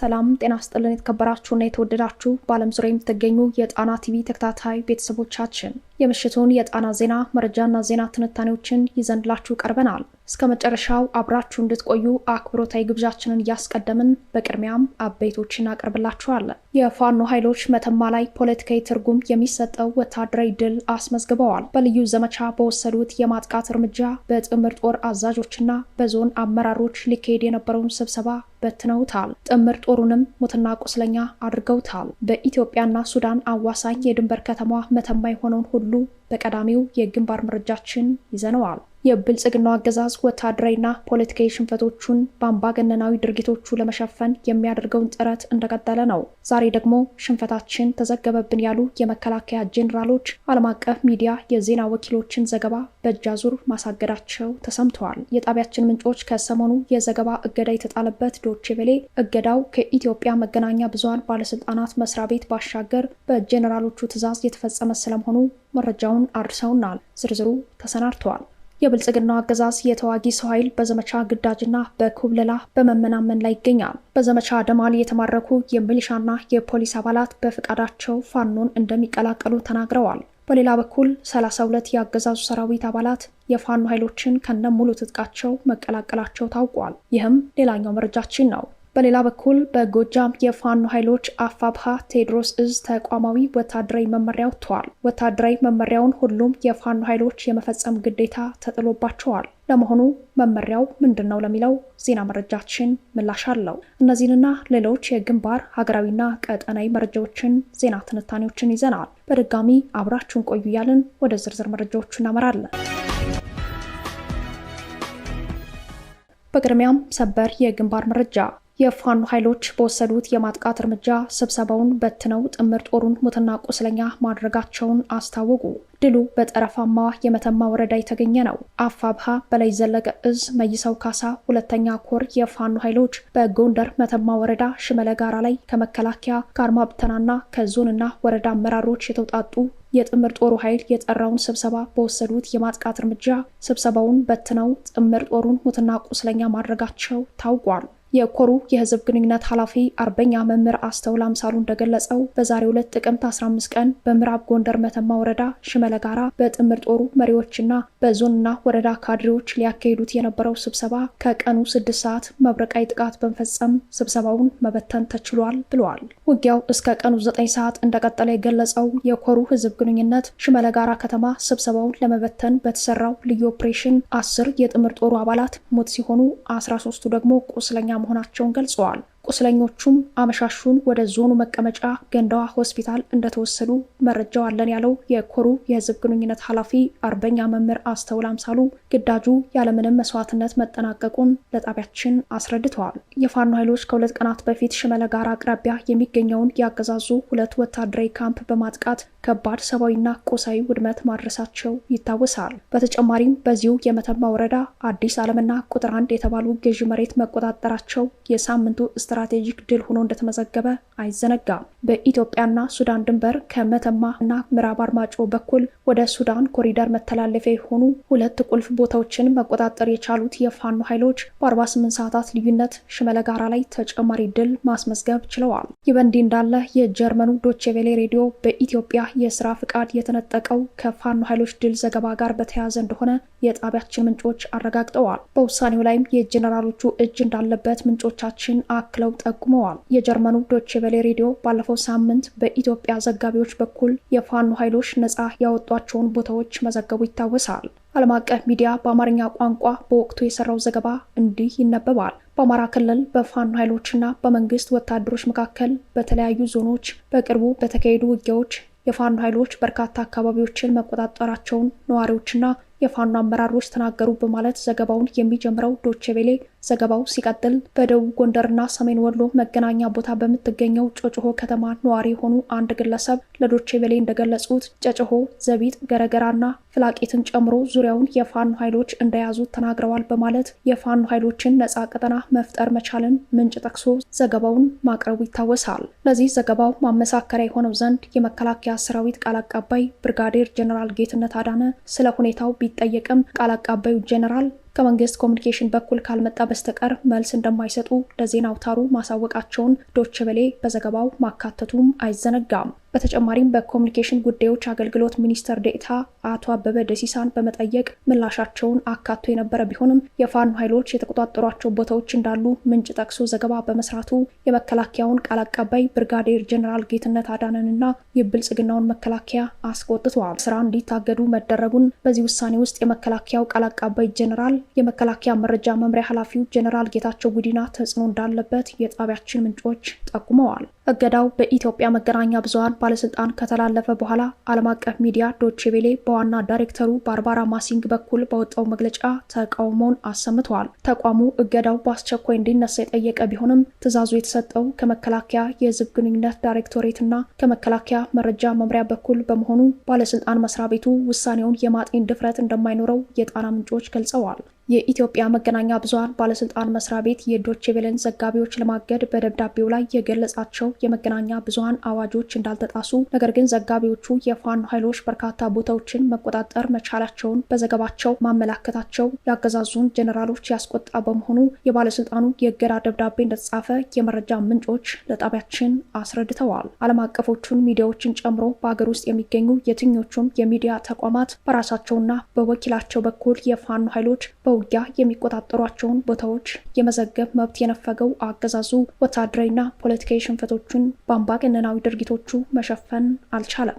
ሰላም ጤና ስጥልን የተከበራችሁና የተወደዳችሁ በዓለም ዙሪያ የምትገኙ የጣና ቲቪ ተከታታይ ቤተሰቦቻችን የምሽቱን የጣና ዜና መረጃና ዜና ትንታኔዎችን ይዘንላችሁ ቀርበናል። እስከ መጨረሻው አብራችሁ እንድትቆዩ አክብሮታዊ ግብዣችንን እያስቀደምን በቅድሚያም አበይቶችን እናቀርብላችኋለን። የፋኖ ኃይሎች መተማ ላይ ፖለቲካዊ ትርጉም የሚሰጠው ወታደራዊ ድል አስመዝግበዋል። በልዩ ዘመቻ በወሰዱት የማጥቃት እርምጃ በጥምር ጦር አዛዦችና በዞን አመራሮች ሊካሄድ የነበረውን ስብሰባ በትነውታል። ጥምር ጦሩንም ሙትና ቁስለኛ አድርገውታል። በኢትዮጵያና ሱዳን አዋሳኝ የድንበር ከተማ መተማ የሆነውን ሁሉ ሁሉ በቀዳሚው የግንባር መረጃችን ይዘነዋል። የብልጽግናው አገዛዝ ወታደራዊና ፖለቲካዊ ሽንፈቶቹን በአምባገነናዊ ድርጊቶቹ ለመሸፈን የሚያደርገውን ጥረት እንደቀጠለ ነው። ዛሬ ደግሞ ሽንፈታችን ተዘገበብን ያሉ የመከላከያ ጄኔራሎች ዓለም አቀፍ ሚዲያ የዜና ወኪሎችን ዘገባ በእጅ አዙር ማሳገዳቸው ተሰምተዋል። የጣቢያችን ምንጮች ከሰሞኑ የዘገባ እገዳ የተጣለበት ዶቼ ቬሌ እገዳው ከኢትዮጵያ መገናኛ ብዙሃን ባለስልጣናት መስሪያ ቤት ባሻገር በጄኔራሎቹ ትዕዛዝ የተፈጸመ ስለመሆኑ መረጃውን አድርሰውናል። ዝርዝሩ ተሰናድተዋል። የብልጽግናው አገዛዝ የተዋጊ ሰው ኃይል በዘመቻ ግዳጅና በኩብለላ በመመናመን ላይ ይገኛል። በዘመቻ ደማል የተማረኩ የሚሊሻና የፖሊስ አባላት በፍቃዳቸው ፋኖን እንደሚቀላቀሉ ተናግረዋል። በሌላ በኩል 32 የአገዛዙ ሰራዊት አባላት የፋኖ ኃይሎችን ከነ ሙሉ ትጥቃቸው መቀላቀላቸው ታውቋል። ይህም ሌላኛው መረጃችን ነው። በሌላ በኩል በጎጃም የፋኖ ኃይሎች አፋብሃ ቴዎድሮስ እዝ ተቋማዊ ወታደራዊ መመሪያ ወጥተዋል። ወታደራዊ መመሪያውን ሁሉም የፋኖ ኃይሎች የመፈጸም ግዴታ ተጥሎባቸዋል። ለመሆኑ መመሪያው ምንድን ነው ለሚለው ዜና መረጃችን ምላሽ አለው። እነዚህንና ሌሎች የግንባር ሀገራዊና ቀጠናዊ መረጃዎችን፣ ዜና ትንታኔዎችን ይዘናል። በድጋሚ አብራችሁን ቆዩ እያልን ወደ ዝርዝር መረጃዎቹ እናመራለን። በቅድሚያም ሰበር የግንባር መረጃ የፋኖ ኃይሎች በወሰዱት የማጥቃት እርምጃ ስብሰባውን በትነው ጥምር ጦሩን ሙትና ቁስለኛ ማድረጋቸውን አስታወቁ። ድሉ በጠረፋማ የመተማ ወረዳ የተገኘ ነው። አፋብሃ በላይ ዘለቀ እዝ መይሰው ካሳ ሁለተኛ ኮር የፋኖ ኃይሎች በጎንደር መተማ ወረዳ ሽመለ ጋራ ላይ ከመከላከያ ከአድማ ብተናና ከዞንና ወረዳ አመራሮች የተውጣጡ የጥምር ጦሩ ኃይል የጠራውን ስብሰባ በወሰዱት የማጥቃት እርምጃ ስብሰባውን በትነው ጥምር ጦሩን ሙትና ቁስለኛ ማድረጋቸው ታውቋል። የኮሩ የህዝብ ግንኙነት ኃላፊ አርበኛ መምህር አስተውል አምሳሉ እንደገለጸው በዛሬው ዕለት ጥቅምት 15 ቀን በምዕራብ ጎንደር መተማ ወረዳ ሽመለ ጋራ በጥምር ጦሩ መሪዎችና በዞንና ወረዳ ካድሬዎች ሊያካሂዱት የነበረው ስብሰባ ከቀኑ ስድስት ሰዓት መብረቃዊ ጥቃት በመፈጸም ስብሰባውን መበተን ተችሏል ብለዋል። ውጊያው እስከ ቀኑ ዘጠኝ ሰዓት እንደቀጠለ የገለጸው የኮሩ ህዝብ ግንኙነት ሽመለ ጋራ ከተማ ስብሰባውን ለመበተን በተሰራው ልዩ ኦፕሬሽን አስር የጥምር ጦሩ አባላት ሞት ሲሆኑ አስራ ሶስቱ ደግሞ ቁስለኛ መሆናቸውን ገልጸዋል። ቁስለኞቹም አመሻሹን ወደ ዞኑ መቀመጫ ገንዳዋ ሆስፒታል እንደተወሰዱ መረጃው አለን ያለው የኮሩ የህዝብ ግንኙነት ኃላፊ አርበኛ መምህር አስተውል አምሳሉ ግዳጁ ያለምንም መስዋዕትነት መጠናቀቁን ለጣቢያችን አስረድተዋል። የፋኖ ኃይሎች ከሁለት ቀናት በፊት ሽመለ ጋራ አቅራቢያ የሚገኘውን ያገዛዙ ሁለት ወታደራዊ ካምፕ በማጥቃት ከባድ ሰብአዊና ቁሳዊ ውድመት ማድረሳቸው ይታወሳል። በተጨማሪም በዚሁ የመተማ ወረዳ አዲስ ዓለምና ቁጥር አንድ የተባሉ ገዢ መሬት መቆጣጠራቸው የሳምንቱ ስትራ ስትራቴጂክ ድል ሆኖ እንደተመዘገበ አይዘነጋም። በኢትዮጵያና ሱዳን ድንበር ከመተማ እና ምዕራብ አርማጮ በኩል ወደ ሱዳን ኮሪደር መተላለፊያ የሆኑ ሁለት ቁልፍ ቦታዎችን መቆጣጠር የቻሉት የፋኖ ኃይሎች በ48 ሰዓታት ልዩነት ሽመለ ጋራ ላይ ተጨማሪ ድል ማስመዝገብ ችለዋል። ይህ በእንዲህ እንዳለ የጀርመኑ ዶቼቬሌ ሬዲዮ በኢትዮጵያ የስራ ፍቃድ የተነጠቀው ከፋኖ ኃይሎች ድል ዘገባ ጋር በተያያዘ እንደሆነ የጣቢያችን ምንጮች አረጋግጠዋል። በውሳኔው ላይም የጀኔራሎቹ እጅ እንዳለበት ምንጮቻችን አክለው ጠቁመዋል። የጀርመኑ ዶቼቬሌ ሬዲዮ ባለፈው ባለፈው ሳምንት በኢትዮጵያ ዘጋቢዎች በኩል የፋኖ ኃይሎች ነፃ ያወጧቸውን ቦታዎች መዘገቡ ይታወሳል። ዓለም አቀፍ ሚዲያ በአማርኛ ቋንቋ በወቅቱ የሰራው ዘገባ እንዲህ ይነበባል። በአማራ ክልል በፋኖ ኃይሎችና በመንግስት ወታደሮች መካከል በተለያዩ ዞኖች በቅርቡ በተካሄዱ ውጊያዎች የፋኖ ኃይሎች በርካታ አካባቢዎችን መቆጣጠራቸውን ነዋሪዎችና የፋኖ አመራሮች ተናገሩ በማለት ዘገባውን የሚጀምረው ዶቼቬሌ። ዘገባው ሲቀጥል በደቡብ ጎንደርና ሰሜን ወሎ መገናኛ ቦታ በምትገኘው ጮጭሆ ከተማ ነዋሪ የሆኑ አንድ ግለሰብ ለዶቼቬሌ እንደገለጹት ጨጭሆ፣ ዘቢጥ፣ ገረገራና ፍላቂትን ጨምሮ ዙሪያውን የፋኖ ኃይሎች እንደያዙት ተናግረዋል በማለት የፋኖ ኃይሎችን ነጻ ቀጠና መፍጠር መቻልን ምንጭ ጠቅሶ ዘገባውን ማቅረቡ ይታወሳል። ለዚህ ዘገባው ማመሳከሪያ የሆነው ዘንድ የመከላከያ ሰራዊት ቃል አቀባይ ብርጋዴር ጀኔራል ጌትነት አዳነ ስለ ሁኔታው ቢጠየቅም ቃል አቃባዩ ጄኔራል ከመንግስት ኮሚኒኬሽን በኩል ካልመጣ በስተቀር መልስ እንደማይሰጡ ለዜና አውታሩ ማሳወቃቸውን ዶችቬሌ በዘገባው ማካተቱም አይዘነጋም። በተጨማሪም በኮሚኒኬሽን ጉዳዮች አገልግሎት ሚኒስተር ዴኤታ አቶ አበበ ደሲሳን በመጠየቅ ምላሻቸውን አካቶ የነበረ ቢሆንም የፋኖ ኃይሎች የተቆጣጠሯቸው ቦታዎች እንዳሉ ምንጭ ጠቅሶ ዘገባ በመስራቱ የመከላከያውን ቃል አቀባይ ብርጋዴር ጀኔራል ጌትነት አዳነንና የብልጽግናውን መከላከያ አስቆጥተዋል። ስራ እንዲታገዱ መደረጉን በዚህ ውሳኔ ውስጥ የመከላከያው ቃል አቀባይ ጀኔራል፣ የመከላከያ መረጃ መምሪያ ኃላፊው ጀኔራል ጌታቸው ጉዲና ተጽዕኖ እንዳለበት የጣቢያችን ምንጮች ጠቁመዋል። እገዳው በኢትዮጵያ መገናኛ ብዙሃን ባለስልጣን ከተላለፈ በኋላ ዓለም አቀፍ ሚዲያ ዶቼ ቬሌ በዋና ዳይሬክተሩ ባርባራ ማሲንግ በኩል በወጣው መግለጫ ተቃውሞውን አሰምተዋል። ተቋሙ እገዳው በአስቸኳይ እንዲነሳ የጠየቀ ቢሆንም ትዕዛዙ የተሰጠው ከመከላከያ የህዝብ ግንኙነት ዳይሬክቶሬትና ከመከላከያ መረጃ መምሪያ በኩል በመሆኑ ባለስልጣን መስሪያ ቤቱ ውሳኔውን የማጤን ድፍረት እንደማይኖረው የጣና ምንጮች ገልጸዋል። የኢትዮጵያ መገናኛ ብዙሀን ባለስልጣን መስሪያ ቤት የዶቼ ቬለን ዘጋቢዎች ለማገድ በደብዳቤው ላይ የገለጻቸው የመገናኛ ብዙሀን አዋጆች እንዳልተጣሱ፣ ነገር ግን ዘጋቢዎቹ የፋኖ ኃይሎች በርካታ ቦታዎችን መቆጣጠር መቻላቸውን በዘገባቸው ማመላከታቸው ያገዛዙን ጀኔራሎች ያስቆጣ በመሆኑ የባለስልጣኑ የእገዳ ደብዳቤ እንደተጻፈ የመረጃ ምንጮች ለጣቢያችን አስረድተዋል። ዓለም አቀፎቹን ሚዲያዎችን ጨምሮ በአገር ውስጥ የሚገኙ የትኞቹም የሚዲያ ተቋማት በራሳቸውና በወኪላቸው በኩል የፋኖ ኃይሎች በ በውጊያ የሚቆጣጠሯቸውን ቦታዎች የመዘገብ መብት የነፈገው አገዛዙ ወታደራዊና ፖለቲካዊ ሽንፈቶቹን በአምባገነናዊ ድርጊቶቹ መሸፈን አልቻለም።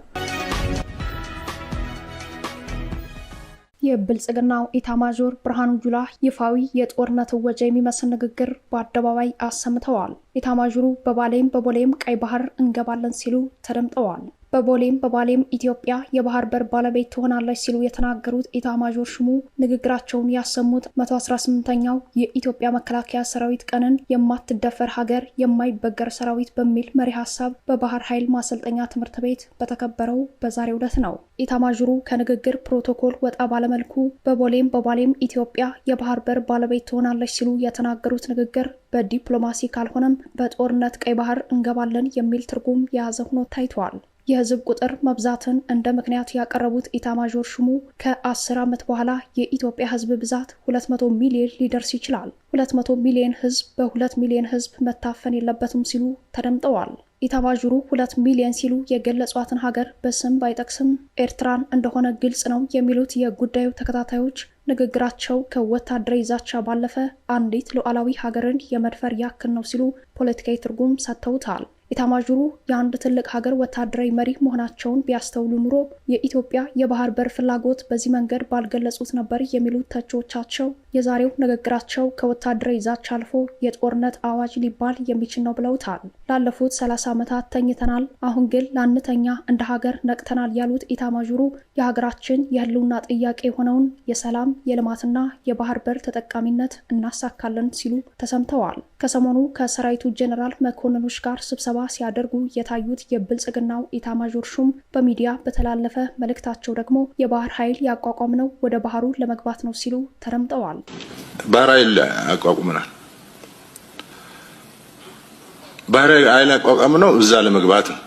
የብልጽግናው ኢታማዦር ብርሃኑ ጁላ ይፋዊ የጦርነት እወጃ የሚመስል ንግግር በአደባባይ አሰምተዋል። ኢታማዦሩ በባሌም በቦሌም ቀይ ባህር እንገባለን ሲሉ ተደምጠዋል። በቦሌም በባሌም ኢትዮጵያ የባህር በር ባለቤት ትሆናለች ሲሉ የተናገሩት ኢታማዦር ሹሙ ንግግራቸውን ያሰሙት 118ኛው የኢትዮጵያ መከላከያ ሰራዊት ቀንን የማትደፈር ሀገር የማይበገር ሰራዊት በሚል መሪ ሀሳብ በባህር ኃይል ማሰልጠኛ ትምህርት ቤት በተከበረው በዛሬው ዕለት ነው። ኢታማዦሩ ከንግግር ፕሮቶኮል ወጣ ባለመልኩ በቦሌም በባሌም ኢትዮጵያ የባህር በር ባለቤት ትሆናለች ሲሉ የተናገሩት ንግግር በዲፕሎማሲ ካልሆነም በጦርነት ቀይ ባህር እንገባለን የሚል ትርጉም የያዘ ሆኖ ታይተዋል። የህዝብ ቁጥር መብዛትን እንደ ምክንያት ያቀረቡት ኢታማዦር ሹሙ ከአስር ዓመት በኋላ የኢትዮጵያ ህዝብ ብዛት 200 ሚሊዮን ሊደርስ ይችላል፣ 200 ሚሊዮን ህዝብ በ2 ሚሊዮን ህዝብ መታፈን የለበትም ሲሉ ተደምጠዋል። ኢታማዦሩ 2 ሚሊዮን ሲሉ የገለጿትን ሀገር በስም ባይጠቅስም ኤርትራን እንደሆነ ግልጽ ነው የሚሉት የጉዳዩ ተከታታዮች ንግግራቸው ከወታደራዊ ዛቻ ባለፈ አንዲት ሉዓላዊ ሀገርን የመድፈር ያክል ነው ሲሉ ፖለቲካዊ ትርጉም ሰጥተውታል። ኢታማዦሩ የአንድ ትልቅ ሀገር ወታደራዊ መሪ መሆናቸውን ቢያስተውሉ ኑሮ የኢትዮጵያ የባህር በር ፍላጎት በዚህ መንገድ ባልገለጹት ነበር የሚሉት ተቾቻቸው የዛሬው ንግግራቸው ከወታደራዊ ዛቻ አልፎ የጦርነት አዋጅ ሊባል የሚችል ነው ብለውታል። ላለፉት 30 ዓመታት ተኝተናል፣ አሁን ግን ላንተኛ እንደ ሀገር ነቅተናል ያሉት ኢታማዦሩ የሀገራችን የህልውና ጥያቄ የሆነውን የሰላም የልማትና የባህር በር ተጠቃሚነት እናሳካለን ሲሉ ተሰምተዋል። ከሰሞኑ ከሰራዊቱ ጄኔራል መኮንኖች ጋር ስብሰባ ሲያደርጉ የታዩት የብልጽግናው ኢታማዦር ሹም በሚዲያ በተላለፈ መልእክታቸው ደግሞ የባህር ኃይል ያቋቋምነው ወደ ባህሩ ለመግባት ነው ሲሉ ተደምጠዋል። ባህር ኃይል አቋቁመናል። ባህር ኃይል አቋቋም ነው እዛ ለመግባት ነው።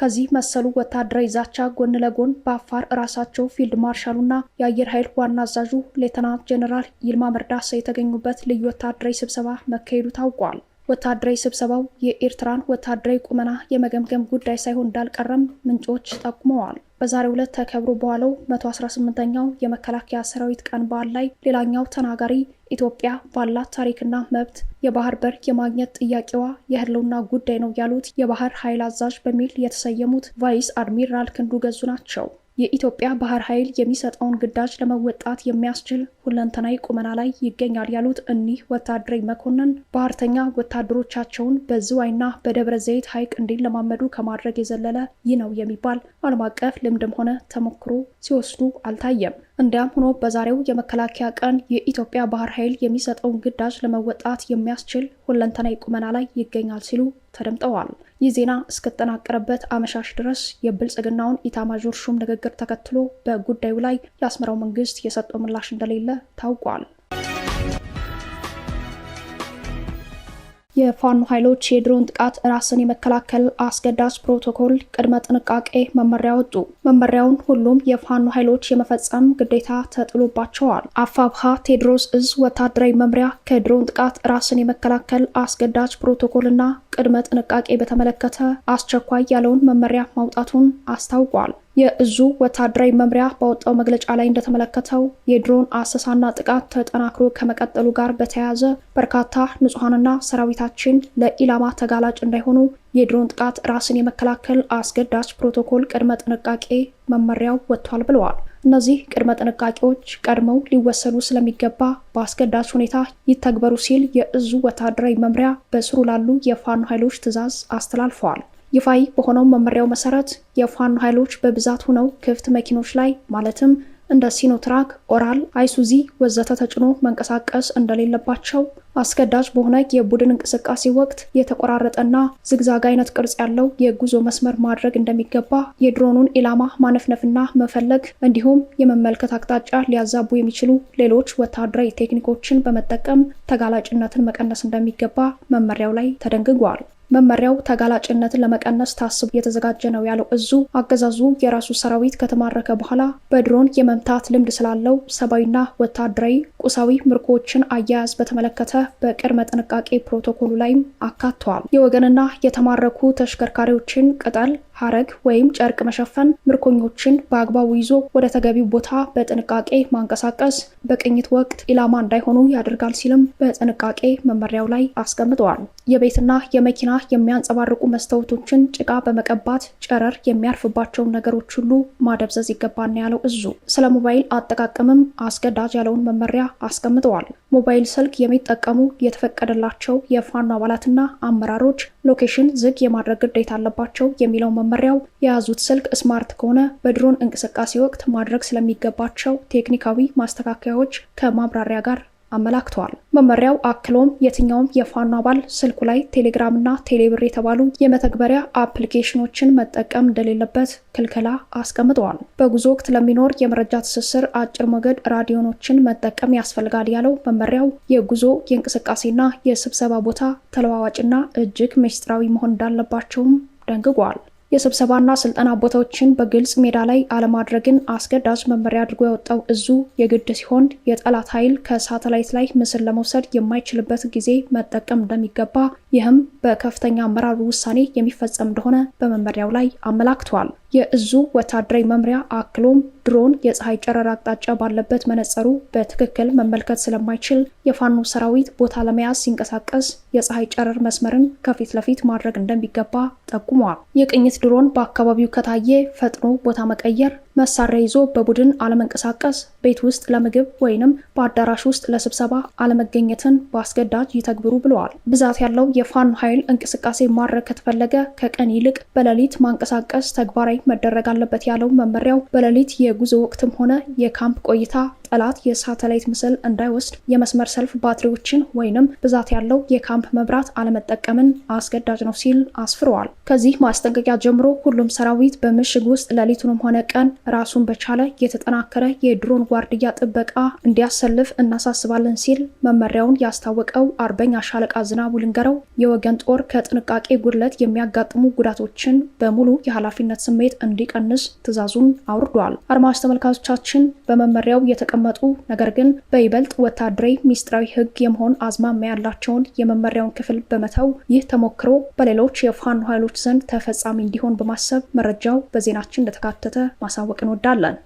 ከዚህ መሰሉ ወታደራዊ ዛቻ ጎን ለጎን በአፋር እራሳቸው ፊልድ ማርሻሉና የአየር ኃይል ዋና አዛዡ ሌተናንት ጀኔራል ይልማ መርዳሳ የተገኙበት ልዩ ወታደራዊ ስብሰባ መካሄዱ ታውቋል። ወታደራዊ ስብሰባው የኤርትራን ወታደራዊ ቁመና የመገምገም ጉዳይ ሳይሆን እንዳልቀረም ምንጮች ጠቁመዋል። በዛሬው ዕለት ተከብሮ በዋለው 118ኛው የመከላከያ ሰራዊት ቀን በዓል ላይ ሌላኛው ተናጋሪ ኢትዮጵያ ባላት ታሪክና መብት የባህር በር የማግኘት ጥያቄዋ የህልውና ጉዳይ ነው ያሉት የባህር ኃይል አዛዥ በሚል የተሰየሙት ቫይስ አድሚራል ክንዱ ገዙ ናቸው። የኢትዮጵያ ባህር ኃይል የሚሰጠውን ግዳጅ ለመወጣት የሚያስችል ሁለንተናዊ ቁመና ላይ ይገኛል ያሉት እኒህ ወታደራዊ መኮንን ባህርተኛ ወታደሮቻቸውን በዝዋይና በደብረ ዘይት ሐይቅ እንዲለማመዱ ከማድረግ የዘለለ ይህ ነው የሚባል ዓለም አቀፍ ልምድም ሆነ ተሞክሮ ሲወስዱ አልታየም። እንዲያም ሆኖ በዛሬው የመከላከያ ቀን የኢትዮጵያ ባህር ኃይል የሚሰጠውን ግዳጅ ለመወጣት የሚያስችል ሁለንተናዊ ቁመና ላይ ይገኛል ሲሉ ተደምጠዋል። ይህ ዜና እስከጠናቀረበት አመሻሽ ድረስ የብልጽግናውን ኢታማዦር ሹም ንግግር ተከትሎ በጉዳዩ ላይ የአስመራው መንግስት የሰጠው ምላሽ እንደሌለ ታውቋል። የፋኖ ኃይሎች የድሮን ጥቃት ራስን የመከላከል አስገዳጅ ፕሮቶኮል ቅድመ ጥንቃቄ መመሪያ ወጡ። መመሪያውን ሁሉም የፋኖ ኃይሎች የመፈጸም ግዴታ ተጥሎባቸዋል። አፋብሃ ቴዎድሮስ እዝ ወታደራዊ መምሪያ ከድሮን ጥቃት ራስን የመከላከል አስገዳጅ ፕሮቶኮልና ቅድመ ጥንቃቄ በተመለከተ አስቸኳይ ያለውን መመሪያ ማውጣቱን አስታውቋል። የእዙ ወታደራዊ መምሪያ በወጣው መግለጫ ላይ እንደተመለከተው የድሮን አሰሳና ጥቃት ተጠናክሮ ከመቀጠሉ ጋር በተያያዘ በርካታ ንጹሐንና ሰራዊታችን ለኢላማ ተጋላጭ እንዳይሆኑ የድሮን ጥቃት ራስን የመከላከል አስገዳጅ ፕሮቶኮል ቅድመ ጥንቃቄ መመሪያው ወጥቷል ብለዋል። እነዚህ ቅድመ ጥንቃቄዎች ቀድመው ሊወሰዱ ስለሚገባ በአስገዳጅ ሁኔታ ይተግበሩ ሲል የእዙ ወታደራዊ መምሪያ በስሩ ላሉ የፋኖ ኃይሎች ትዕዛዝ አስተላልፈዋል። ይፋይ በሆነው መመሪያው መሰረት የፋኖ ኃይሎች በብዛት ሆነው ክፍት መኪኖች ላይ ማለትም እንደ ሲኖትራክ፣ ኦራል፣ አይሱዚ ወዘተ ተጭኖ መንቀሳቀስ እንደሌለባቸው፣ አስገዳጅ በሆነ የቡድን እንቅስቃሴ ወቅት የተቆራረጠና ዝግዛግ አይነት ቅርጽ ያለው የጉዞ መስመር ማድረግ እንደሚገባ፣ የድሮኑን ኢላማ ማነፍነፍና መፈለግ እንዲሁም የመመልከት አቅጣጫ ሊያዛቡ የሚችሉ ሌሎች ወታደራዊ ቴክኒኮችን በመጠቀም ተጋላጭነትን መቀነስ እንደሚገባ መመሪያው ላይ ተደንግጓል። መመሪያው ተጋላጭነትን ለመቀነስ ታስቦ የተዘጋጀ ነው ያለው እዙ አገዛዙ የራሱ ሰራዊት ከተማረከ በኋላ በድሮን የመምታት ልምድ ስላለው ሰብአዊና ወታደራዊ ቁሳዊ ምርኮዎችን አያያዝ በተመለከተ በቅድመ ጥንቃቄ ፕሮቶኮሉ ላይም አካተዋል። የወገንና የተማረኩ ተሽከርካሪዎችን ቅጠል ሀረግ ወይም ጨርቅ መሸፈን፣ ምርኮኞችን በአግባቡ ይዞ ወደ ተገቢው ቦታ በጥንቃቄ ማንቀሳቀስ በቅኝት ወቅት ኢላማ እንዳይሆኑ ያደርጋል ሲልም በጥንቃቄ መመሪያው ላይ አስቀምጠዋል። የቤትና የመኪና የሚያንጸባርቁ መስታወቶችን ጭቃ በመቀባት ጨረር የሚያርፍባቸውን ነገሮች ሁሉ ማደብዘዝ ይገባና ያለው እዙ ስለ ሞባይል አጠቃቀምም አስገዳጅ ያለውን መመሪያ አስቀምጠዋል። ሞባይል ስልክ የሚጠቀሙ የተፈቀደላቸው የፋኖ አባላትና አመራሮች ሎኬሽን ዝግ የማድረግ ግዴታ አለባቸው የሚለው መመሪያው የያዙት ስልክ ስማርት ከሆነ በድሮን እንቅስቃሴ ወቅት ማድረግ ስለሚገባቸው ቴክኒካዊ ማስተካከያዎች ከማብራሪያ ጋር አመላክተዋል። መመሪያው አክሎም የትኛውም የፋኖ አባል ስልኩ ላይ ቴሌግራም እና ቴሌብር የተባሉ የመተግበሪያ አፕሊኬሽኖችን መጠቀም እንደሌለበት ክልከላ አስቀምጠዋል። በጉዞ ወቅት ለሚኖር የመረጃ ትስስር አጭር ሞገድ ራዲዮኖችን መጠቀም ያስፈልጋል ያለው መመሪያው የጉዞ የእንቅስቃሴና የስብሰባ ቦታ ተለዋዋጭና እጅግ ምስጢራዊ መሆን እንዳለባቸውም ደንግጓል። የስብሰባና ስልጠና ቦታዎችን በግልጽ ሜዳ ላይ አለማድረግን አስገዳጅ መመሪያ አድርጎ ያወጣው እዙ የግድ ሲሆን የጠላት ኃይል ከሳተላይት ላይ ምስል ለመውሰድ የማይችልበት ጊዜ መጠቀም እንደሚገባ ይህም በከፍተኛ አመራሩ ውሳኔ የሚፈጸም እንደሆነ በመመሪያው ላይ አመላክቷል። የእዙ ወታደራዊ መምሪያ አክሎም ድሮን የፀሐይ ጨረር አቅጣጫ ባለበት መነጽሩ በትክክል መመልከት ስለማይችል የፋኖ ሰራዊት ቦታ ለመያዝ ሲንቀሳቀስ የፀሐይ ጨረር መስመርን ከፊት ለፊት ማድረግ እንደሚገባ ጠቁመዋል። የቅኝት ድሮን በአካባቢው ከታየ ፈጥኖ ቦታ መቀየር፣ መሳሪያ ይዞ በቡድን አለመንቀሳቀስ፣ ቤት ውስጥ ለምግብ ወይንም በአዳራሽ ውስጥ ለስብሰባ አለመገኘትን በአስገዳጅ ይተግብሩ ብለዋል። ብዛት ያለው የፋኖ ኃይል እንቅስቃሴ ማድረግ ከተፈለገ ከቀን ይልቅ በሌሊት ማንቀሳቀስ ተግባራዊ መደረግ አለበት ያለው መመሪያው በሌሊት የጉዞ ወቅትም ሆነ የካምፕ ቆይታ ጠላት የሳተላይት ምስል እንዳይወስድ የመስመር ሰልፍ ባትሪዎችን ወይንም ብዛት ያለው የካምፕ መብራት አለመጠቀምን አስገዳጅ ነው ሲል አስፍረዋል። ከዚህ ማስጠንቀቂያ ጀምሮ ሁሉም ሰራዊት በምሽግ ውስጥ ሌሊቱንም ሆነ ቀን ራሱን በቻለ የተጠናከረ የድሮን ጓርድያ ጥበቃ እንዲያሰልፍ እናሳስባለን ሲል መመሪያውን ያስታወቀው አርበኛ ሻለቃ ዝናቡ ልንገረው የወገን ጦር ከጥንቃቄ ጉድለት የሚያጋጥሙ ጉዳቶችን በሙሉ የኃላፊነት ስሜት እንዲቀንስ ትዕዛዙን አውርዷል። አድማጭ ተመልካቾቻችን በመመሪያው የተቀመ የተቀመጡ ነገር ግን በይበልጥ ወታደራዊ ሚስጥራዊ ህግ የመሆን አዝማሚያ ያላቸውን የመመሪያውን ክፍል በመተው ይህ ተሞክሮ በሌሎች የፋኖ ኃይሎች ዘንድ ተፈጻሚ እንዲሆን በማሰብ መረጃው በዜናችን እንደተካተተ ማሳወቅ እንወዳለን።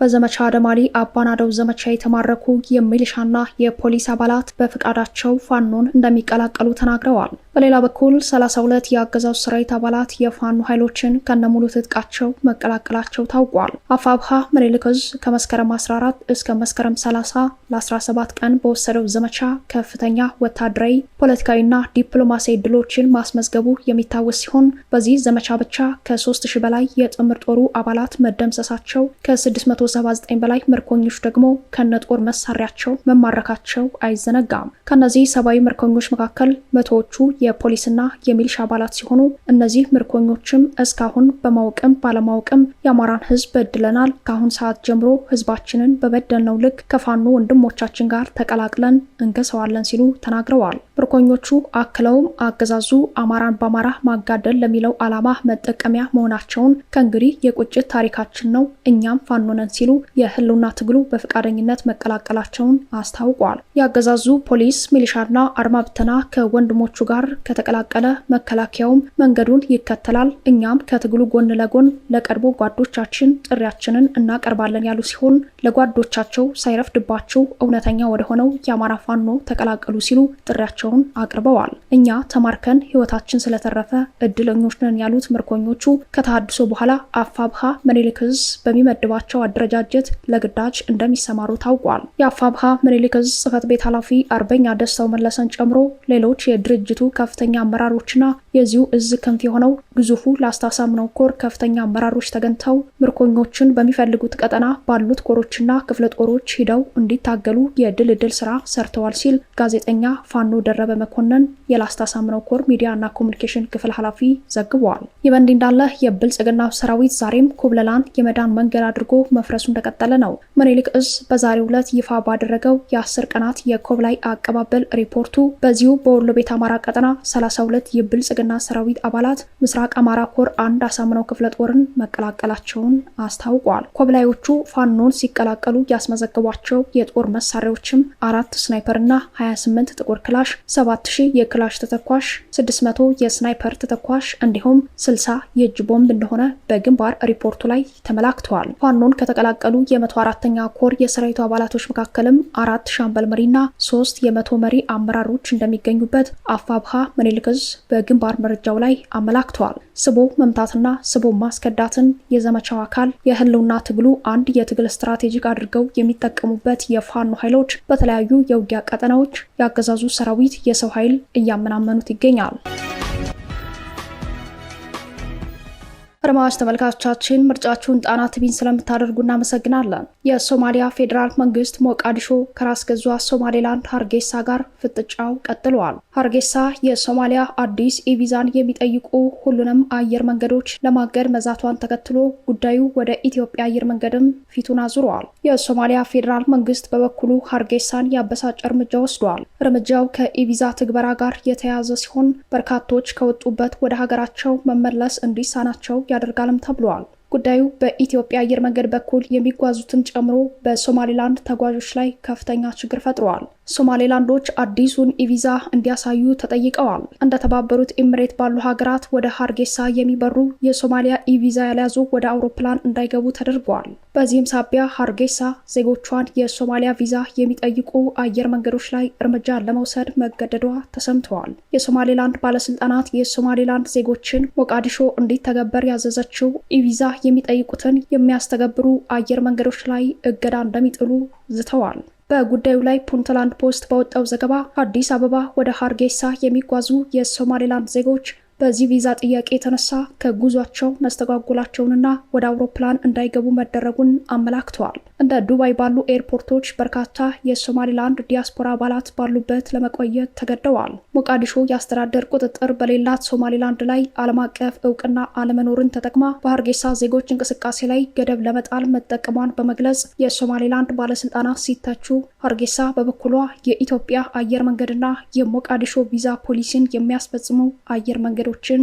በዘመቻ አደማሊ አባናደው ዘመቻ የተማረኩ የሚሊሻና የፖሊስ አባላት በፍቃዳቸው ፋኖን እንደሚቀላቀሉ ተናግረዋል። በሌላ በኩል 32 የአገዛዙ ሰራዊት አባላት የፋኖ ኃይሎችን ከነሙሉ ትጥቃቸው መቀላቀላቸው ታውቋል። አፋብሃ ምኒልክ ከመስከረም 14 እስከ መስከረም 30 ለ17 ቀን በወሰደው ዘመቻ ከፍተኛ ወታደራዊ ፖለቲካዊና ዲፕሎማሲያዊ ድሎችን ማስመዝገቡ የሚታወስ ሲሆን በዚህ ዘመቻ ብቻ ከ3000 በላይ የጥምር ጦሩ አባላት መደምሰሳቸው ከ600 ከ179 በላይ ምርኮኞች ደግሞ ከነጦር መሳሪያቸው መማረካቸው አይዘነጋም። ከነዚህ ሰብአዊ ምርኮኞች መካከል መቶዎቹ የፖሊስና የሚሊሻ አባላት ሲሆኑ እነዚህ ምርኮኞችም እስካሁን በማወቅም ባለማወቅም የአማራን ህዝብ በድለናል። ከአሁን ሰዓት ጀምሮ ህዝባችንን በበደልነው ልክ ከፋኖ ወንድሞቻችን ጋር ተቀላቅለን እንገሰዋለን ሲሉ ተናግረዋል። ምርኮኞቹ አክለውም አገዛዙ አማራን በአማራ ማጋደል ለሚለው ዓላማ መጠቀሚያ መሆናቸውን ከእንግዲህ የቁጭት ታሪካችን ነው እኛም ፋኖ ነን ሲሉ የህልውና ትግሉ በፈቃደኝነት መቀላቀላቸውን አስታውቋል። የአገዛዙ ፖሊስ፣ ሚሊሻና አድማ ብተና ከወንድሞቹ ጋር ከተቀላቀለ መከላከያውም መንገዱን ይከተላል፣ እኛም ከትግሉ ጎን ለጎን ለቀድሞ ጓዶቻችን ጥሪያችንን እናቀርባለን ያሉ ሲሆን ለጓዶቻቸው ሳይረፍድባቸው እውነተኛ ወደሆነው የአማራ ፋኖ ተቀላቀሉ ሲሉ ጥሪያቸውን አቅርበዋል። እኛ ተማርከን ህይወታችን ስለተረፈ እድለኞች ነን ያሉት ምርኮኞቹ ከተሃድሶ በኋላ አፋብሃ መኔሊክዝ በሚመድባቸው አደረ ረጃጀት ለግዳጅ እንደሚሰማሩ ታውቋል። የአፋብሃ ምኒልክ ዕዝ ቤት ኃላፊ አርበኛ ደስተው መለሰን ጨምሮ ሌሎች የድርጅቱ ከፍተኛ አመራሮችና የዚሁ እዝ ክንፍ የሆነው ግዙፉ ላስታ ኮር ከፍተኛ አመራሮች ተገኝተው ምርኮኞችን በሚፈልጉት ቀጠና ባሉት ኮሮችና ክፍለ ጦሮች ሂደው እንዲታገሉ የድልድል ስራ ሰርተዋል ሲል ጋዜጠኛ ፋኖ ደረበ መኮንን የላስታሳምነው ሳምነው ኮር ሚዲያና ኮሚኒኬሽን ክፍል ኃላፊ ዘግበዋል። ይህ በእንዲህ እንዳለ የብልጽግና ሰራዊት ዛሬም ኩብለላን የመዳን መንገድ አድርጎ መፍረ መድረሱ እንደቀጠለ ነው። ምኒልክ እዝ በዛሬው ዕለት ይፋ ባደረገው የአስር ቀናት የኮብላይ አቀባበል ሪፖርቱ በዚሁ በወሎ ቤት አማራ ቀጠና 32 የብልጽግና ሰራዊት አባላት ምስራቅ አማራ ኮር አንድ አሳምነው ክፍለ ጦርን መቀላቀላቸውን አስታውቋል። ኮብላዮቹ ፋኖን ሲቀላቀሉ ያስመዘግቧቸው የጦር መሳሪያዎችም አራት ስናይፐርና 28 ጥቁር ክላሽ፣ 7000 የክላሽ ተተኳሽ፣ 600 የስናይፐር ተተኳሽ እንዲሁም 60 የእጅ ቦምብ እንደሆነ በግንባር ሪፖርቱ ላይ ተመላክተዋል። ፋኖን ከተቀላ ከተቀላቀሉ የመቶ አራተኛ ኮር የሰራዊቱ አባላቶች መካከልም አራት ሻምበል መሪና ሶስት የመቶ መሪ አመራሮች እንደሚገኙበት አፋብሃ ምኒልክዝ በግንባር መረጃው ላይ አመላክተዋል። ስቦ መምታትና ስቦ ማስከዳትን የዘመቻው አካል የህልውና ትግሉ አንድ የትግል ስትራቴጂክ አድርገው የሚጠቀሙበት የፋኖ ኃይሎች በተለያዩ የውጊያ ቀጠናዎች የአገዛዙ ሰራዊት የሰው ኃይል እያመናመኑት ይገኛል። አድማጭ ተመልካቾቻችን ምርጫችሁን ጣና ቲቪን ስለምታደርጉ እናመሰግናለን። የሶማሊያ ፌዴራል መንግስት ሞቃዲሾ ከራስ ገዟ ሶማሌላንድ ሀርጌሳ ጋር ፍጥጫው ቀጥሏል። ሀርጌሳ የሶማሊያ አዲስ ኢቪዛን የሚጠይቁ ሁሉንም አየር መንገዶች ለማገድ መዛቷን ተከትሎ ጉዳዩ ወደ ኢትዮጵያ አየር መንገድም ፊቱን አዙረዋል። የሶማሊያ ፌዴራል መንግስት በበኩሉ ሀርጌሳን ያበሳጨ እርምጃ ወስዷል። እርምጃው ከኢቪዛ ትግበራ ጋር የተያያዘ ሲሆን በርካቶች ከወጡበት ወደ ሀገራቸው መመለስ እንዲሳናቸው ያደርጋልም ተብሏል። ጉዳዩ በኢትዮጵያ አየር መንገድ በኩል የሚጓዙትን ጨምሮ በሶማሌላንድ ተጓዦች ላይ ከፍተኛ ችግር ፈጥሯል። ሶማሌላንዶች አዲሱን ኢቪዛ እንዲያሳዩ ተጠይቀዋል። እንደተባበሩት ኤምሬት ባሉ ሀገራት ወደ ሀርጌሳ የሚበሩ የሶማሊያ ኢቪዛ ያልያዙ ወደ አውሮፕላን እንዳይገቡ ተደርጓል። በዚህም ሳቢያ ሀርጌሳ ዜጎቿን የሶማሊያ ቪዛ የሚጠይቁ አየር መንገዶች ላይ እርምጃ ለመውሰድ መገደዷ ተሰምተዋል። የሶማሌላንድ ባለስልጣናት የሶማሌላንድ ዜጎችን ሞቃዲሾ እንዲተገበር ያዘዘችው ኢቪዛ የሚጠይቁትን የሚያስተገብሩ አየር መንገዶች ላይ እገዳ እንደሚጥሉ ዝተዋል። በጉዳዩ ላይ ፑንትላንድ ፖስት ባወጣው ዘገባ አዲስ አበባ ወደ ሀርጌሳ የሚጓዙ የሶማሌላንድ ዜጎች በዚህ ቪዛ ጥያቄ የተነሳ ከጉዟቸው መስተጓጎላቸውንና ወደ አውሮፕላን እንዳይገቡ መደረጉን አመላክተዋል። እንደ ዱባይ ባሉ ኤርፖርቶች በርካታ የሶማሊላንድ ዲያስፖራ አባላት ባሉበት ለመቆየት ተገደዋል። ሞቃዲሾ የአስተዳደር ቁጥጥር በሌላት ሶማሊላንድ ላይ ዓለም አቀፍ እውቅና አለመኖርን ተጠቅማ በሀርጌሳ ዜጎች እንቅስቃሴ ላይ ገደብ ለመጣል መጠቀሟን በመግለጽ የሶማሊላንድ ባለስልጣናት ሲተቹ ሀርጌሳ በበኩሏ የኢትዮጵያ አየር መንገድና የሞቃዲሾ ቪዛ ፖሊሲን የሚያስፈጽሙ አየር መንገዶችን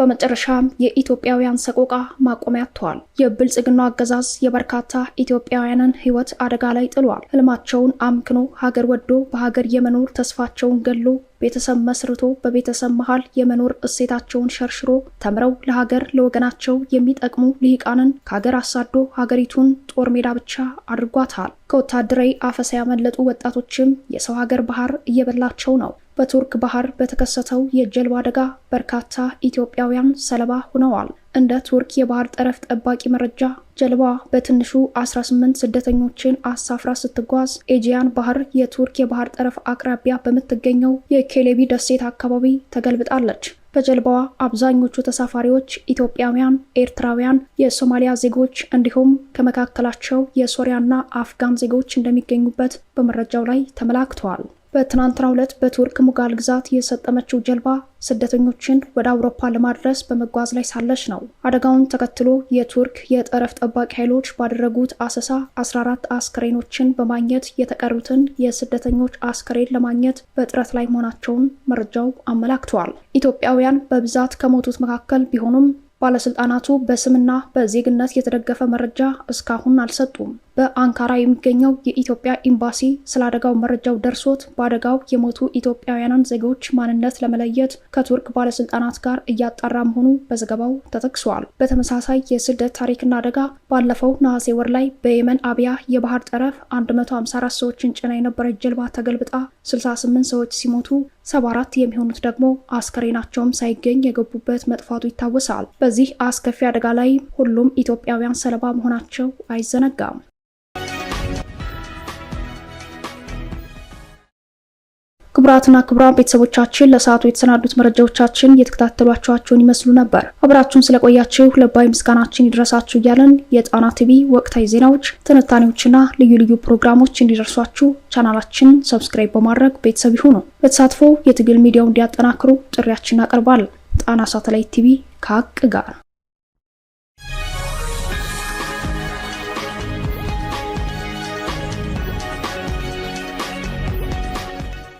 በመጨረሻም የኢትዮጵያውያን ሰቆቃ ማቆሚያ አጥተዋል። የብልጽግናው አገዛዝ የበርካታ ኢትዮጵያውያንን ሕይወት አደጋ ላይ ጥሏል። ህልማቸውን አምክኖ ሀገር ወዶ በሀገር የመኖር ተስፋቸውን ገሎ ቤተሰብ መስርቶ በቤተሰብ መሃል የመኖር እሴታቸውን ሸርሽሮ ተምረው ለሀገር ለወገናቸው የሚጠቅሙ ልሂቃንን ከሀገር አሳዶ ሀገሪቱን ጦር ሜዳ ብቻ አድርጓታል። ከወታደራዊ አፈሳ ያመለጡ ወጣቶችም የሰው ሀገር ባህር እየበላቸው ነው። በቱርክ ባህር በተከሰተው የጀልባ አደጋ በርካታ ኢትዮጵያውያን ሰለባ ሆነዋል። እንደ ቱርክ የባህር ጠረፍ ጠባቂ መረጃ ጀልባዋ በትንሹ 18 ስደተኞችን አሳፍራ ስትጓዝ ኤጂያን ባህር የቱርክ የባህር ጠረፍ አቅራቢያ በምትገኘው የኬሌቢ ደሴት አካባቢ ተገልብጣለች። በጀልባዋ አብዛኞቹ ተሳፋሪዎች ኢትዮጵያውያን፣ ኤርትራውያን፣ የሶማሊያ ዜጎች እንዲሁም ከመካከላቸው የሶሪያና አፍጋን ዜጎች እንደሚገኙበት በመረጃው ላይ ተመላክተዋል። በትናንትናው ዕለት በቱርክ ሙጋል ግዛት የሰጠመችው ጀልባ ስደተኞችን ወደ አውሮፓ ለማድረስ በመጓዝ ላይ ሳለች ነው። አደጋውን ተከትሎ የቱርክ የጠረፍ ጠባቂ ኃይሎች ባደረጉት አሰሳ 14 አስከሬኖችን በማግኘት የተቀሩትን የስደተኞች አስከሬን ለማግኘት በጥረት ላይ መሆናቸውን መረጃው አመላክተዋል። ኢትዮጵያውያን በብዛት ከሞቱት መካከል ቢሆኑም ባለስልጣናቱ በስምና በዜግነት የተደገፈ መረጃ እስካሁን አልሰጡም። በአንካራ የሚገኘው የኢትዮጵያ ኤምባሲ ስለ አደጋው መረጃው ደርሶት በአደጋው የሞቱ ኢትዮጵያውያንን ዜጎች ማንነት ለመለየት ከቱርክ ባለስልጣናት ጋር እያጣራ መሆኑ በዘገባው ተጠቅሷል። በተመሳሳይ የስደት ታሪክና አደጋ ባለፈው ነሐሴ ወር ላይ በየመን አብያ የባህር ጠረፍ 154 ሰዎችን ጭና የነበረች ጀልባ ተገልብጣ 68 ሰዎች ሲሞቱ 74 የሚሆኑት ደግሞ አስከሬናቸውም ሳይገኝ የገቡበት መጥፋቱ ይታወሳል። በዚህ አስከፊ አደጋ ላይ ሁሉም ኢትዮጵያውያን ሰለባ መሆናቸው አይዘነጋም። ክብራትና ክብራን ቤተሰቦቻችን ለሰዓቱ የተሰናዱት መረጃዎቻችን እየተከታተሏቸኋቸውን ይመስሉ ነበር። አብራችሁን ስለቆያችሁ ልባዊ ምስጋናችን ይድረሳችሁ እያለን የጣና ቲቪ ወቅታዊ ዜናዎች፣ ትንታኔዎችና ልዩ ልዩ ፕሮግራሞች እንዲደርሷችሁ ቻናላችን ሰብስክራይብ በማድረግ ቤተሰብ ይሁኑ። በተሳትፎ የትግል ሚዲያውን እንዲያጠናክሩ ጥሪያችን አቀርባል። ጣና ሳተላይት ቲቪ ከሀቅ ጋር